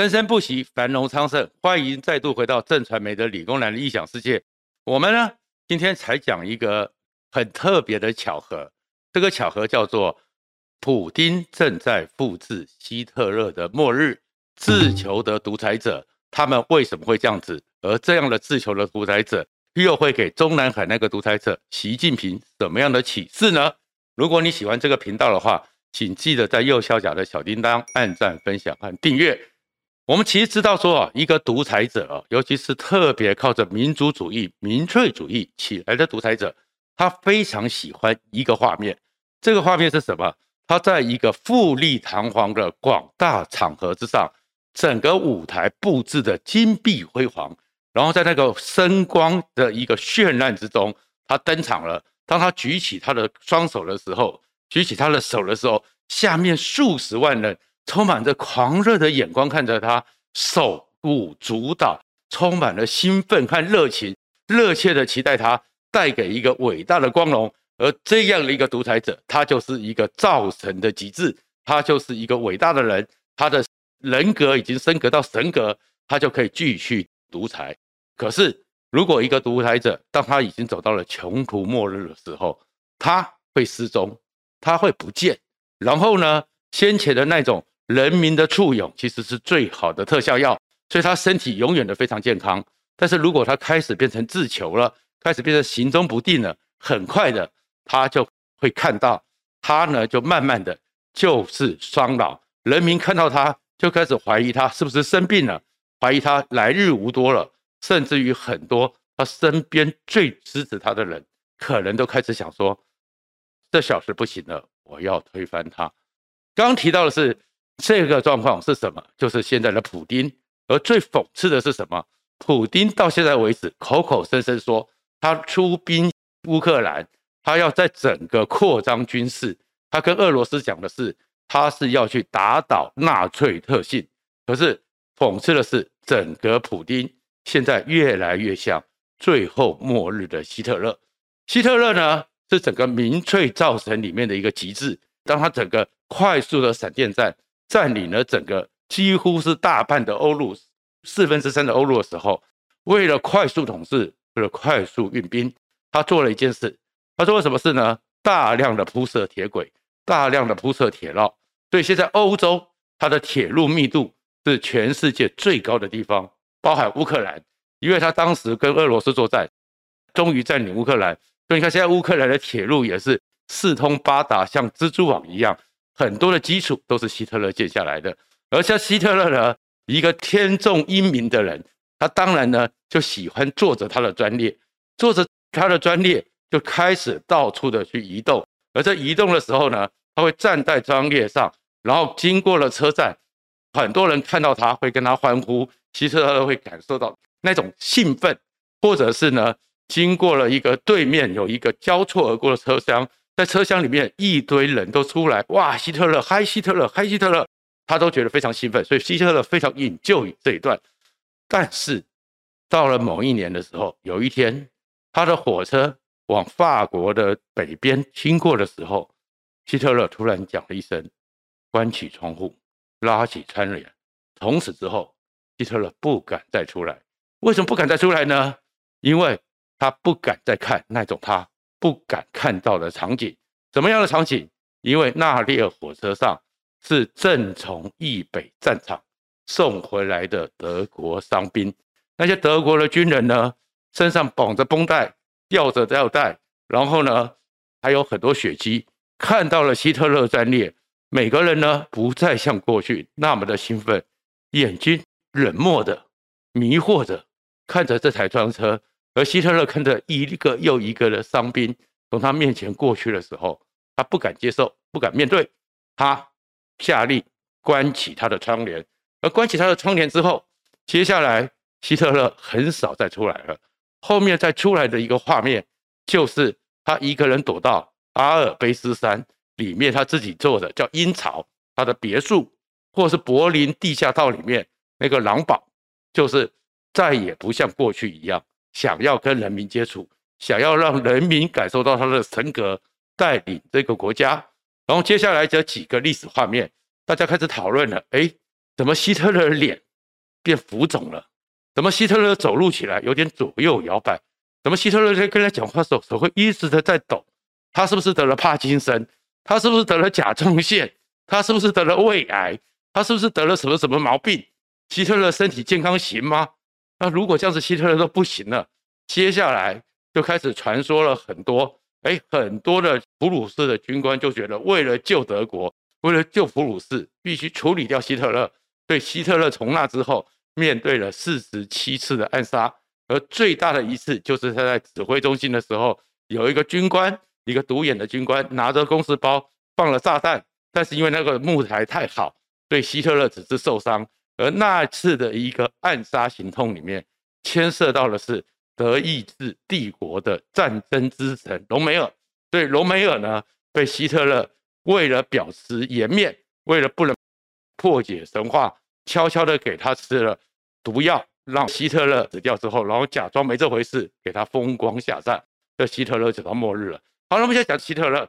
生生不息，繁榮昌盛。歡迎再度回到震傳媒的理工男的異想世界。我們呢，今天才講一個很特別的巧合。這個巧合叫做，普丁正在複製希特勒的末日，自囚的獨裁者。他們為什麼會這樣子？而這樣的自囚的獨裁者，又會給中南海那個獨裁者習近平什麼樣的啟示呢？如果你喜歡這個頻道的話，請記得在右下角的小叮噹按讚、分享和訂閱。我們其實知道說啊，一個獨裁者啊，尤其是特別靠着民族主義、民粹主義起來的獨裁者，他非常喜歡一個畫面。這個畫面是什麼？他在一個富麗堂皇的廣大場合之上，整個舞台布置的金碧輝煌，然後在那個聲光的一個絢爛之中，他登場了。當他舉起他的雙手的時候，舉起他的手的時候，下面數十萬人，充滿着狂熱的眼光看着他，手舞足蹈，充滿了興奮和熱情，熱切的期待他帶給一個偉大的光榮。而這樣的一個獨裁者，他就是一個造神的極致，他就是一個偉大的人，他的人格已經升格到神格，他就可以繼續獨裁。可是，如果一個獨裁者，當他已經走到了窮途末路的時候，他會失蹤，他會不見。然後呢，先前的那種。人民的簇擁其實是最好的特效藥，所以他身體永遠的非常健康。但是如果他開始變成自囚了，開始變成行蹤不定了，很快的他就會看到他呢，就慢慢的就是衰老。人民看到他，就開始懷疑他是不是生病了，懷疑他來日無多了，甚至於很多他身邊最支持他的人，可能都開始想說，這小子不行了，我要推翻他。剛提到的是。這個狀況是什麼？就是現在的普丁。而最諷刺的是什麼？普丁到現在為止口口聲聲說他出兵烏克蘭，他要在整個擴張軍事，他跟俄羅斯講的是他是要去打倒納粹特性。可是諷刺的是，整個普丁現在越來越像最後末日的希特勒。希特勒呢是整個民粹造成裡面的一個極致，當他整個快速的閃電戰。佔領了整個幾乎是大半的歐陸，四分之三的歐陸的時候，為了快速統治，為了快速運兵，他做了一件事。他做了什麼事呢？大量的鋪設鐵軌，大量的鋪設鐵道。所以現在歐洲它的鐵路密度是全世界最高的地方，包含烏克蘭，因為他當時跟俄羅斯作戰，終於佔領烏克蘭。所以你看現在烏克蘭的鐵路也是四通八達，像蜘蛛網一樣。很多的基礎都是希特勒建下來的，而像希特勒呢，一個天縱英明的人，他當然呢就喜歡坐着他的專列，坐着他的專列就開始到處的去移動。而在移動的時候呢，他會站在專列上，然後經過了車站，很多人看到他會跟他歡呼，希特勒會感受到那種興奮，或者是呢，經過了一個對面有一個交錯而過的車廂。在車廂裡面，一堆人都出來，哇！希特勒，嗨，希特勒，嗨，希特勒，他都覺得非常興奮，所以希特勒非常引咎於這一段。但是到了某一年的時候，有一天，他的火車往法國的北邊經過的時候，希特勒突然講了一聲，關起窗戶，拉起窗簾。從此之後，希特勒不敢再出來。為什麼不敢再出來呢？因為他不敢再看那種他。不敢看到的場景，什麼樣的場景？因為那列火車上是正從易北戰場送回來的德國傷兵。那些德國的軍人呢，身上綁着繃帶，吊着吊帶，然後呢，還有很多血跡。看到了希特勒專列，每個人呢，不再像過去那麼的興奮，眼睛冷漠着、迷惑着看着這台專車。而希特勒看着一個又一個的傷兵從他面前過去的時候，他不敢接受，不敢面對。他下令關起他的窗簾。而關起他的窗簾之後，接下來希特勒很少再出來了。後面再出來的一個畫面，就是他一個人躲到阿爾卑斯山裡面，他自己做的叫陰巢，他的別墅，或是柏林地下道裡面那個狼堡，就是再也不像過去一樣。想要跟人民接觸，想要讓人民感受到他的神格，帶領這個國家。然後接下來這幾個歷史畫面，大家開始討論了：哎，怎麼希特勒的臉變浮腫了？怎麼希特勒走路起來有點左右搖擺？怎麼希特勒在跟他講話的時候手會一直的在抖？他是不是得了帕金森？他是不是得了甲狀腺？他是不是得了胃癌？他是不是得了什麼什麼毛病？希特勒身體健康行嗎？那如果這樣子，希特勒都不行了，接下來就開始傳說了很多，哎，很多的普魯士的軍官就覺得，為了救德國，為了救普魯士，必須處理掉希特勒。對希特勒，從那之後，面對了四十七次的暗殺，而最大的一次就是他在指揮中心的時候，有一個軍官，一個獨眼的軍官，拿着公事包放了炸彈，但是因為那個木材太好，對希特勒只是受傷。而那次的一個暗殺行動裡面，牽涉到的是德意志帝國的戰爭之神隆美爾。所以隆美爾呢，被希特勒為了表示顏面，為了不能破解神話，悄悄的給他吃了毒藥，讓希特勒死掉之後，然後假裝沒這回事，給他風光下葬。這希特勒走到末日了。好，那我們現在講希特勒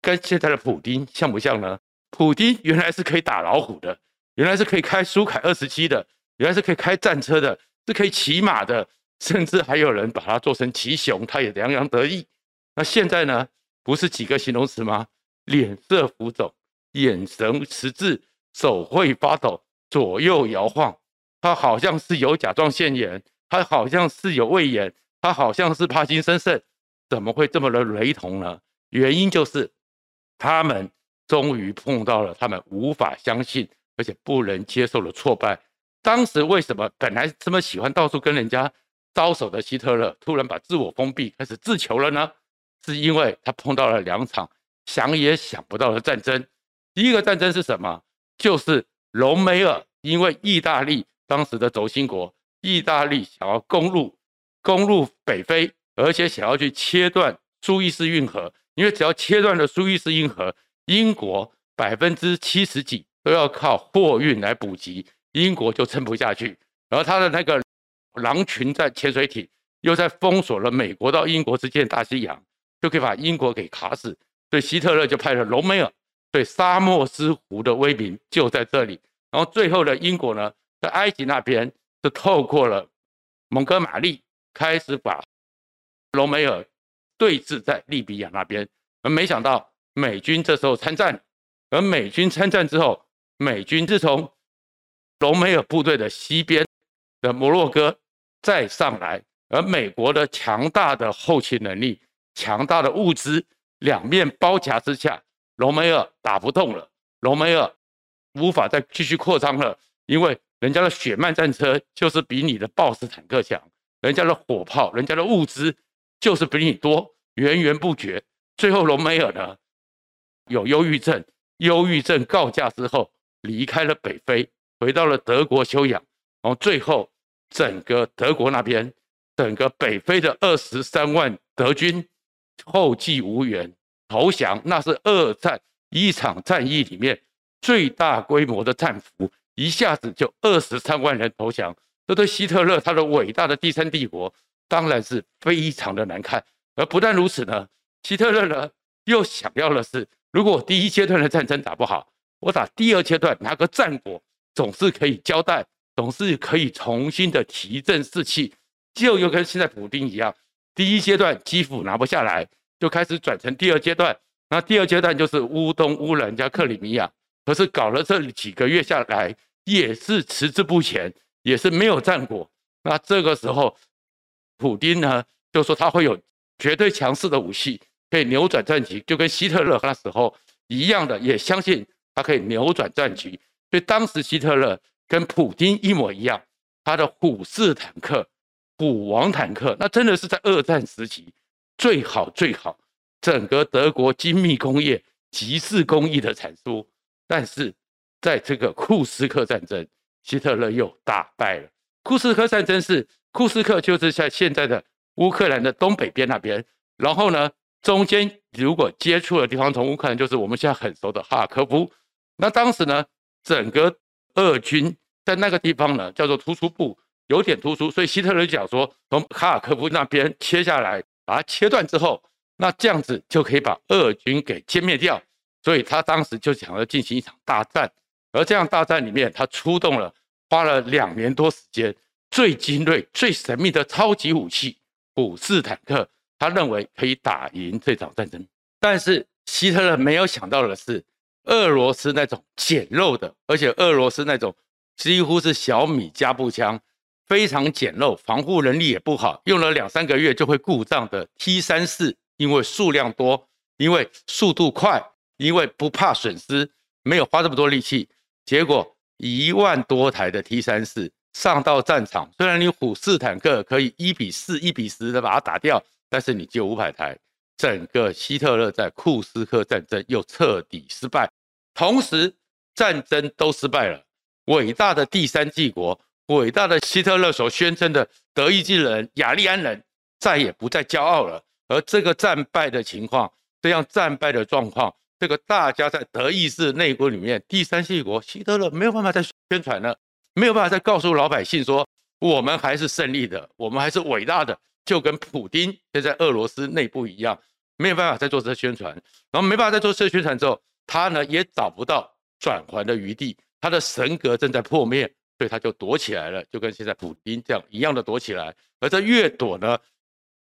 跟現在的普丁像不像呢？普丁原來是可以打老虎的。原來是可以開舒凱二十七的，原來是可以開戰車的，是可以騎馬的，甚至還有人把它做成騎熊，它也洋洋得意。那現在呢？不是幾個形容詞嗎？臉色浮腫，眼神遲滯，手會發抖，左右搖晃。他好像是有甲狀腺炎，他好像是有胃炎，他好像是帕金森症，怎麼會這麼的雷同呢？原因就是他們終於碰到了他們無法相信。而且不能接受的挫敗，當時為什麼本來這麼喜歡到處跟人家招手的希特勒，突然把自我封閉，開始自囚了呢？是因為他碰到了兩場想也想不到的戰爭。第一個戰爭是什麼？就是隆美爾，因為意大利當時的軸心國，意大利想要攻入攻入北非，而且想要去切斷蘇伊士運河。因為只要切斷了蘇伊士運河，英國百分之七十幾。都要靠貨運來補給，英國就撐不下去。然後他的那個狼群在潛水艇，又在封鎖了美國到英國之間大西洋，就可以把英國給卡死。所以希特勒就派了隆美爾，對沙漠之狐的威名就在這裡。然後最後的英國呢，在埃及那邊是透過了蒙哥馬利開始把隆美爾對峙在利比亞那邊，而沒想到美軍這時候參戰，而美軍參戰之後。美軍自從隆美爾部隊的西邊的摩洛哥再上來，而美國的強大的後勤能力、強大的物資，兩面包夾之下，隆美爾打不動了，隆美爾無法再繼續擴張了，因為人家的雪曼戰車就是比你的豹式坦克強，人家的火炮、人家的物資就是比你多，源源不絕。最後，隆美爾呢有憂鬱症，憂鬱症告假之後。離開了北非，回到了德國休養。然後最後，整個德國那邊，整個北非的二十三萬德軍後繼無援，投降。那是二戰一場戰役裡面最大規模的戰俘，一下子就二十三萬人投降。這對希特勒他的偉大的第三帝國當然是非常的難看。而不但如此呢，希特勒呢又想要的是，如果第一階段的戰爭打不好。我打第二階段拿個戰果，總是可以交代，總是可以重新的提振士氣。就又跟現在普丁一樣，第一階段基輔拿不下來，就開始轉成第二階段。那第二階段就是烏東、烏克蘭加克里米亞。可是搞了這幾個月下來，也是遲滯不前，也是沒有戰果。那這個時候，普丁呢就說他會有絕對強勢的武器，可以扭轉戰局，就跟希特勒那時候一樣的，也相信。它可以扭轉戰局，所以當時希特勒跟普丁一模一樣，他的虎式坦克、虎王坦克，那真的是在二戰時期最好最好，整個德國精密工業極致工藝的產出。但是在這個庫斯克戰爭，希特勒又打敗了庫斯克戰爭是。是庫斯克就是像現在的烏克蘭的東北邊那邊，然後呢，中間如果接觸的地方，從烏克蘭就是我們現在很熟的哈爾科夫。那當時呢，整個俄軍在那個地方呢，叫做突出部，有點突出，所以希特勒就講說，從哈爾科夫那邊切下來，把它切斷之後，那這樣子就可以把俄軍給殲滅掉。所以他當時就想要進行一場大戰，而這樣大戰裡面，他出動了，花了兩年多時間，最精銳、最神秘的超級武器——虎式坦克，他認為可以打贏這場戰爭。但是希特勒沒有想到的是，俄羅斯那種簡陋的，而且俄羅斯那種幾乎是小米加步槍，非常簡陋，防護能力也不好，用了兩三個月就會故障的 T 三四，因為數量多，因為速度快，因為不怕損失，沒有花這麼多力氣，結果一萬多台的 T 三四上到戰場，雖然你虎式坦克可以一比四、一比十的把它打掉，但是你只有五百台。整個希特勒在庫斯克戰爭又徹底失敗，同時戰爭都失敗了。偉大的第三帝國，偉大的希特勒所宣稱的德意志人、雅利安人，再也不再驕傲了。而這個戰敗的情況，這樣戰敗的狀況，這個大家在德意志內部裡面，第三帝國希特勒沒有辦法再宣傳了，沒有辦法再告訴老百姓說我們還是勝利的，我們還是偉大的，就跟普丁現在俄羅斯內部一樣。沒有辦法再做這些宣傳，然後沒辦法再做這些宣傳之後，他呢也找不到轉圜的餘地，他的神格正在破滅，所以他就躲起來了，就跟現在普丁這樣一樣的躲起來。而這越躲呢，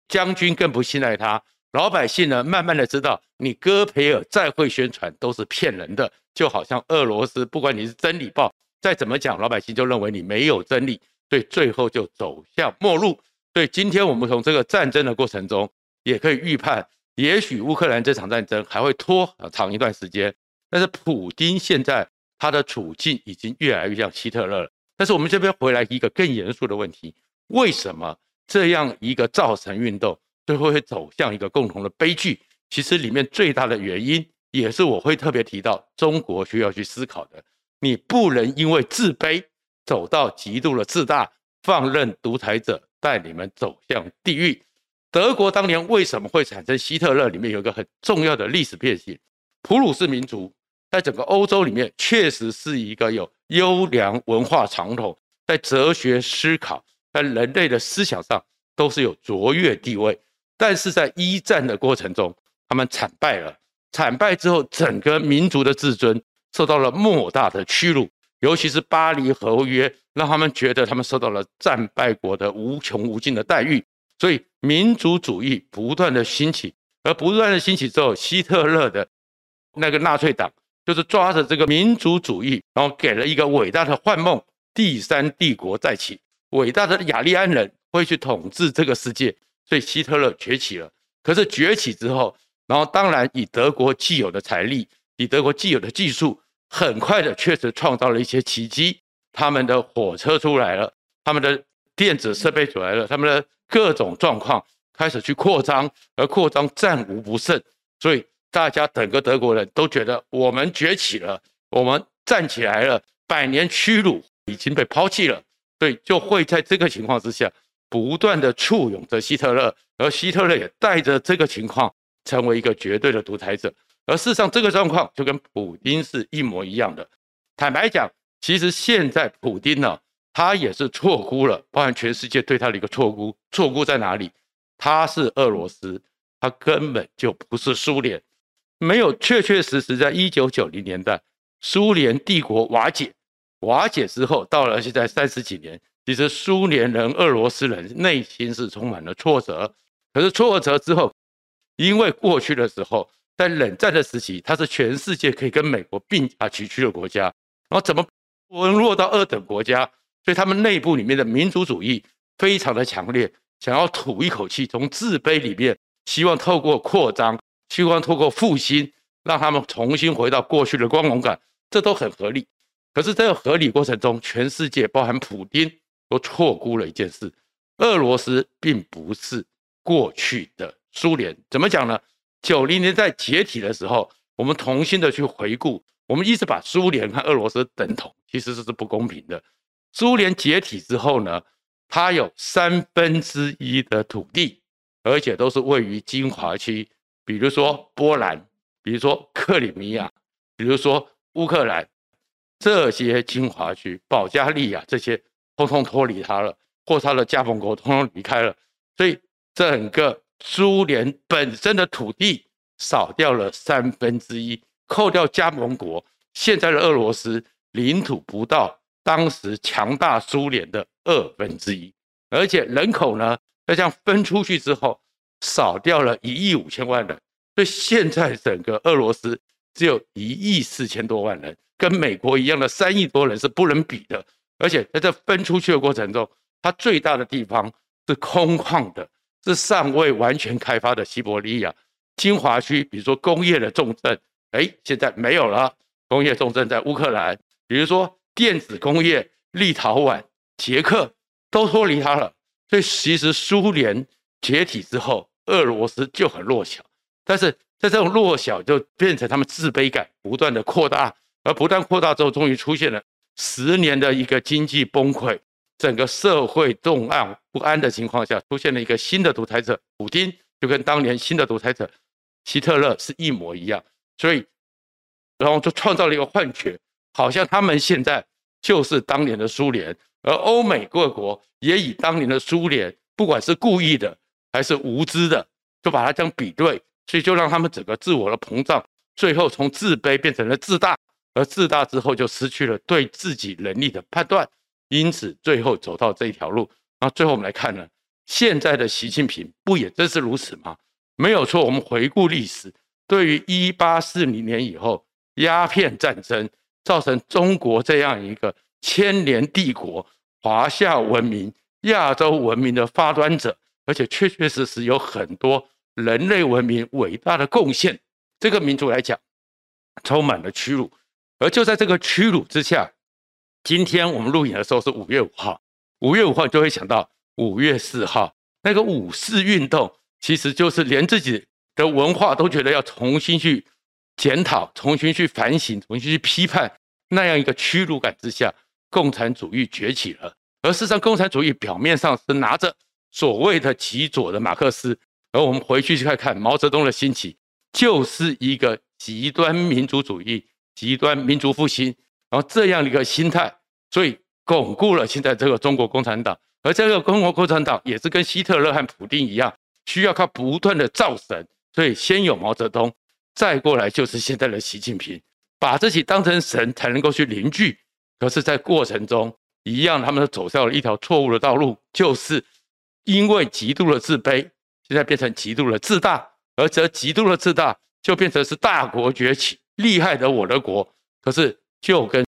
將軍更不信賴他，老百姓呢慢慢的知道，你戈培爾再會宣傳都是騙人的，就好像俄羅斯不管你是真理報再怎麼講，老百姓就認為你沒有真理，所以最後就走向末路。所以今天我們從這個戰爭的過程中，也可以預判。也許烏克蘭這場戰爭還會拖很長一段時間，但是普丁現在他的處境已經越來越像希特勒了。但是我們這邊回來一個更嚴肅的問題：為什麼這樣一個造神運動最後會走向一個共同的悲劇？其實裡面最大的原因，也是我會特別提到，中國需要去思考的。你不能因為自卑走到極度的自大，放任獨裁者帶你們走向地獄。德國當年為什麼會產生希特勒？裡面有一個很重要的歷史變形，普魯士民族在整個歐洲裡面確實是一個有優良文化傳統，在哲學思考、在人類的思想上都是有卓越地位。但是在一戰的過程中，他們慘敗了。慘敗之後，整個民族的自尊受到了莫大的屈辱，尤其是巴黎和約，讓他們覺得他們受到了戰敗國的無窮無盡的待遇。所以，民族主義不斷的興起，而不斷的興起之後，希特勒的那個納粹黨就是抓着這個民族主義，然後給了一個偉大的幻夢，第三帝國再起，偉大的雅利安人會去統治這個世界。所以，希特勒崛起了。可是崛起之後，然後當然以德國既有的財力，以德國既有的技術，很快的確實創造了一些奇蹟，他們的火車出來了，他們的。電子設備組來了，他們的各種狀況開始去擴張，而擴張戰無不勝，所以大家整個德國人都覺得我們崛起了，我們站起來了，百年屈辱已經被拋棄了，所以就會在這個情況之下不斷的簇擁着希特勒，而希特勒也帶着這個情況成為一個絕對的獨裁者，而事實上這個狀況就跟普丁是一模一樣的。坦白講，其實現在普丁呢、啊。他也是錯估了，包含全世界對他的一個錯估。錯估在哪裡？他是俄羅斯，他根本就不是蘇聯。沒有確確實實在一九九零年代，蘇聯帝國瓦解。瓦解之後，到了現在三十幾年，其實蘇聯人、俄羅斯人內心是充滿了挫折。可是挫折之後，因為過去的時候在冷戰的時期，他是全世界可以跟美國並駕齊驅,驅的國家，然後怎麼淪落到二等國家？所以他們內部裡面的民族主義非常的強烈，想要吐一口氣，從自卑裡面希望透過擴張，希望透過復興，讓他們重新回到過去的光榮感，這都很合理。可是這個合理過程中，全世界包含普丁都錯估了一件事：俄羅斯並不是過去的蘇聯。怎麼講呢？九零年代解體的時候，我們重新的去回顧，我們一直把蘇聯和俄羅斯等同，其實這是不公平的。蘇聯解體之後呢，它有三分之一的土地，而且都是位於精華區，比如說波蘭，比如說克里米亞，比如說烏克蘭，這些精華區，保加利亞這些，通通脫離它了，或他的加盟國通通離開了，所以整個蘇聯本身的土地少掉了三分之一，扣掉加盟國，現在的俄羅斯領土不到。當時強大蘇聯的二分之一，而且人口呢，在這樣分出去之後，少掉了1億5千萬人。所以現在整個俄羅斯只有一億四千多萬人，跟美國一樣的三億多人是不能比的。而且在這分出去的過程中，它最大的地方是空曠的，是尚未完全開發的西伯利亞、精華區，比如說工業的重鎮，哎，現在沒有了。工業重鎮在烏克蘭，比如說。電子工業，立陶宛、捷克都脫離他了，所以其實蘇聯解體之後，俄羅斯就很弱小。但是在這種弱小，就變成他們自卑感不斷的擴大，而不斷擴大之後，終於出現了十年的一個經濟崩潰，整個社會動盪不安的情況下，出現了一個新的獨裁者普丁，就跟當年新的獨裁者希特勒是一模一樣，所以然後就創造了一個幻覺。好像他們現在就是當年的蘇聯，而歐美各國也以當年的蘇聯，不管是故意的還是無知的，就把它這樣比對，所以就讓他們整個自我的膨脹，最後從自卑變成了自大，而自大之後就失去了對自己能力的判斷，因此最後走到這一條路。那最後我們來看呢，現在的習近平不也正是如此嗎？沒有錯，我們回顧歷史，對於一八四零年以後鴉片戰爭。造成中國這樣一個千年帝國、華夏文明、亞洲文明的發端者，而且確確實實有很多人類文明偉大的貢獻，這個民族來講，充滿了屈辱。而就在這個屈辱之下，今天我們錄影的時候是五月五號，五月五號你就會想到五月四號那個五四運動，其實就是連自己的文化都覺得要重新去。檢討，重新去反省，重新去批判，那樣一個屈辱感之下，共產主義崛起了。而事實上，共產主義表面上是拿着所謂的極左的馬克思，而我們回去去看看毛澤東的興起，就是一個極端民族主義、極端民族復興，然後這樣的一個心態，所以鞏固了現在這個中國共產黨。而這個中國共產黨也是跟希特勒和普丁一樣，需要靠不斷的造神，所以先有毛澤東。再過來就是現在的習近平，把自己當成神才能夠去凝聚。可是，在過程中一樣，他們都走上了一條錯誤的道路，就是因為極度的自卑，現在變成極度的自大，而這極度的自大就變成是大國崛起，厲害的我的國。可是，就跟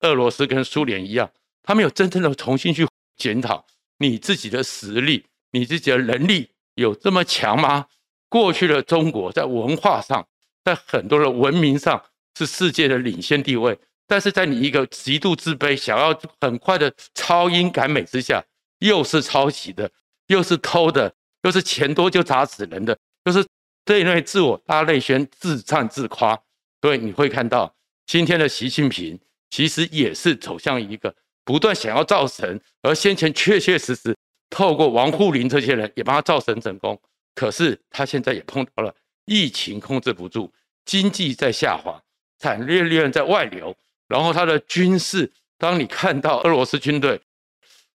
俄羅斯跟蘇聯一樣，他們有真正的重新去檢討你自己的實力，你自己的能力有這麼強嗎？過去的中國在文化上，在很多的文明上是世界的領先地位，但是在你一個極度自卑，想要很快的超英趕美之下，又是抄襲的，又是偷的，又是錢多就砸死人的，就是對內自我大內宣、自唱自誇。所以你會看到今天的習近平，其實也是走向一個不斷想要造神，而先前確確實實透過王滬寧這些人也幫他造神成功。可是他現在也碰到了疫情控制不住，經濟在下滑，產業鏈在外流，然後他的軍事，當你看到俄羅斯軍隊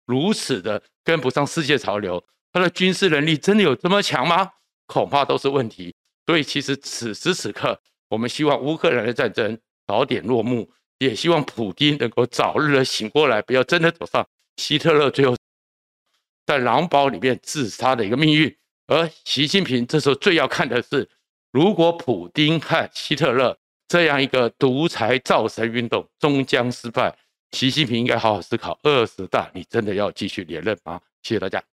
如此的跟不上世界潮流，他的軍事能力真的有這麼強嗎？恐怕都是問題。所以其實此時此刻，我們希望烏克蘭的戰爭早點落幕，也希望普丁能夠早日的醒過來，不要真的走上希特勒最後在狼堡裡面自殺的一個命運。而習近平這時候最要看的是，如果普丁和希特勒這樣一個獨裁造神運動終將失敗，習近平應該好好思考二十大，你真的要繼續連任嗎？謝謝大家。